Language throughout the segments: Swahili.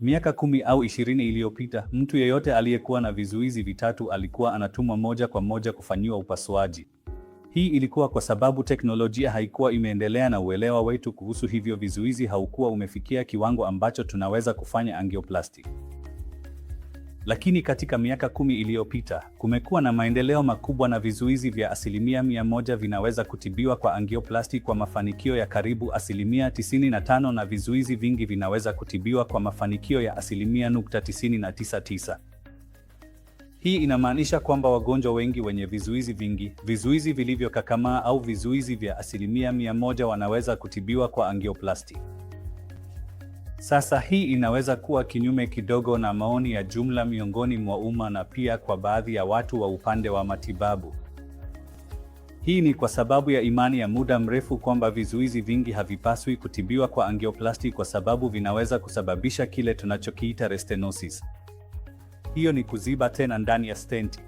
Miaka kumi au ishirini iliyopita, mtu yeyote aliyekuwa na vizuizi vitatu alikuwa anatumwa moja kwa moja kufanyiwa upasuaji. Hii ilikuwa kwa sababu teknolojia haikuwa imeendelea na uelewa wetu kuhusu hivyo vizuizi haukuwa umefikia kiwango ambacho tunaweza kufanya angioplasty. Lakini katika miaka kumi iliyopita kumekuwa na maendeleo makubwa na vizuizi vya asilimia mia moja vinaweza kutibiwa kwa angioplasti kwa mafanikio ya karibu asilimia 95 na vizuizi vingi vinaweza kutibiwa kwa mafanikio ya asilimia nukta 99. Hii inamaanisha kwamba wagonjwa wengi wenye vizuizi vingi, vizuizi vilivyokakamaa au vizuizi vya asilimia mia moja wanaweza kutibiwa kwa angioplasti. Sasa hii inaweza kuwa kinyume kidogo na maoni ya jumla miongoni mwa umma na pia kwa baadhi ya watu wa upande wa matibabu. Hii ni kwa sababu ya imani ya muda mrefu kwamba vizuizi vingi havipaswi kutibiwa kwa angioplasti kwa sababu vinaweza kusababisha kile tunachokiita restenosis. Hiyo ni kuziba tena ndani ya stenti.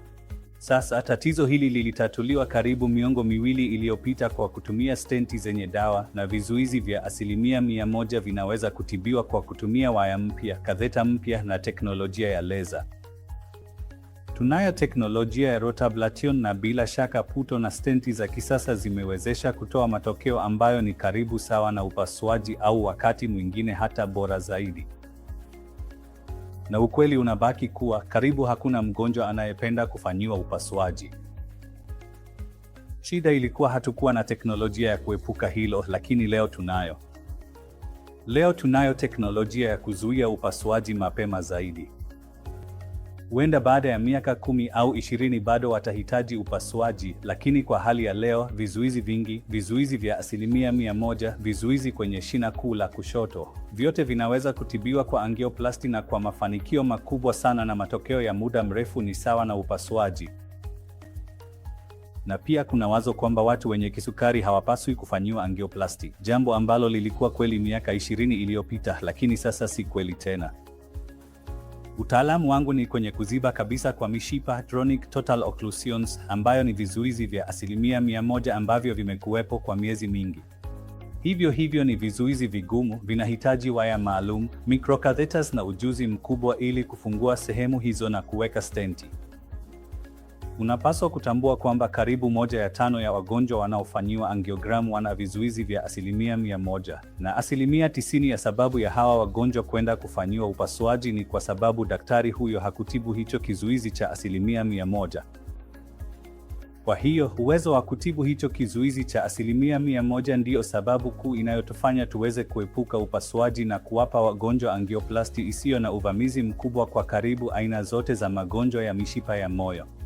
Sasa tatizo hili lilitatuliwa karibu miongo miwili iliyopita kwa kutumia stenti zenye dawa, na vizuizi vya asilimia mia moja vinaweza kutibiwa kwa kutumia waya mpya, katheta mpya na teknolojia ya leza. Tunayo teknolojia ya rotablation na bila shaka puto na stenti za kisasa zimewezesha kutoa matokeo ambayo ni karibu sawa na upasuaji au wakati mwingine hata bora zaidi na ukweli unabaki kuwa karibu hakuna mgonjwa anayependa kufanyiwa upasuaji. Shida ilikuwa hatukuwa na teknolojia ya kuepuka hilo, lakini leo tunayo. Leo tunayo teknolojia ya kuzuia upasuaji mapema zaidi. Huenda baada ya miaka kumi au ishirini bado watahitaji upasuaji, lakini kwa hali ya leo, vizuizi vingi, vizuizi vya asilimia mia moja, vizuizi kwenye shina kuu la kushoto, vyote vinaweza kutibiwa kwa angioplasti na kwa mafanikio makubwa sana, na matokeo ya muda mrefu ni sawa na upasuaji. Na pia kuna wazo kwamba watu wenye kisukari hawapaswi kufanyiwa angioplasti, jambo ambalo lilikuwa kweli miaka ishirini iliyopita, lakini sasa si kweli tena. Utaalamu wangu ni kwenye kuziba kabisa kwa mishipa tronic total occlusions, ambayo ni vizuizi vya asilimia mia moja ambavyo vimekuwepo kwa miezi mingi. Hivyo hivyo ni vizuizi vigumu, vinahitaji waya maalum, microcatheters na ujuzi mkubwa ili kufungua sehemu hizo na kuweka stenti. Unapaswa kutambua kwamba karibu moja ya tano ya wagonjwa wanaofanyiwa angiogramu wana vizuizi vya asilimia mia moja, na asilimia tisini ya sababu ya hawa wagonjwa kwenda kufanyiwa upasuaji ni kwa sababu daktari huyo hakutibu hicho kizuizi cha asilimia mia moja. Kwa hiyo uwezo wa kutibu hicho kizuizi cha asilimia mia moja ndiyo sababu kuu inayotufanya tuweze kuepuka upasuaji na kuwapa wagonjwa angioplasti isiyo na uvamizi mkubwa kwa karibu aina zote za magonjwa ya mishipa ya moyo.